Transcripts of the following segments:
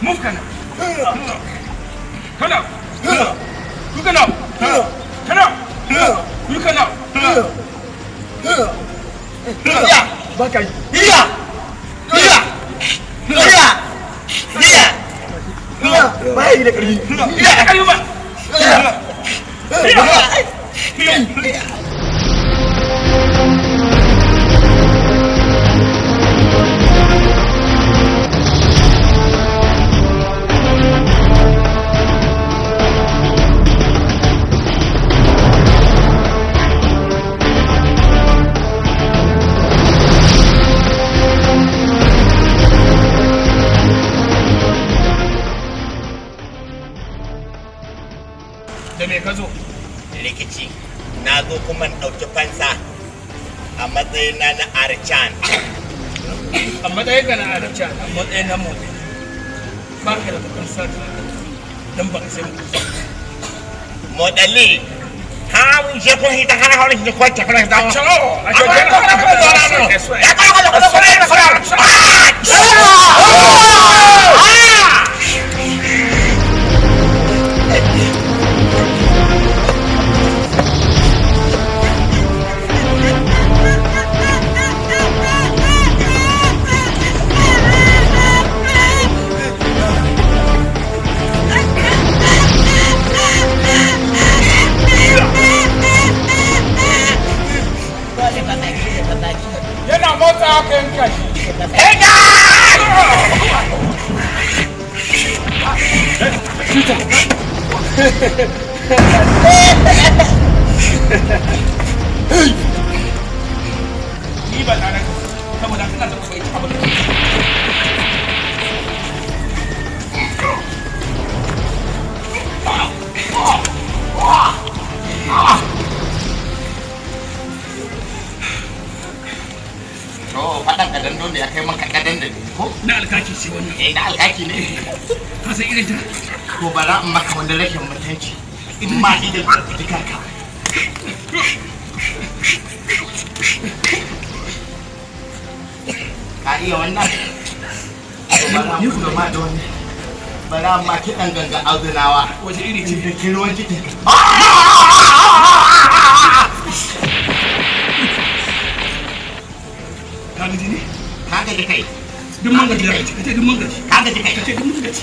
Move Kana. Kana. You Kana. Kana. You Kana. Iya. Bakai. Iya. Iya. Iya. Iya. Iya. Baik dia kerja. Iya, kayu, Pak. Iya. Iya. Iya. Iya. da me ka zo rikici na zo kuma ɗauki fansa a matsayin na arcan a matsayin ka na arcan a matsayin na mu ba ka da fansa don ba ka sai mu modali ha mun je ko hita har haurin ko ta kana da a cikin a 师长！队长！哈哈哈哈！哎！你把拿来，看我拿真的怎么飞，差不多。kadan don da ya kai man kakadan da ni ko na alkaki ce wannan eh na alkaki ne ka san irin ta ko bara in maka wanda rashin mutunci in ma idan ka duka ka ka iya wannan bara mu da ma da wannan bara ma kiɗan ganga azunawa wace iri ce da kirwan cikin ka ji kai duk mun gaji kai kace duk mun gaji ka gaji kai kace duk mun gaji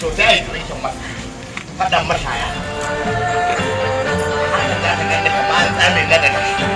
to sai ai drinkin ba fadan mashaya haka da ka da ba tsamin da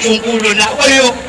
akong ulo na. Kayo,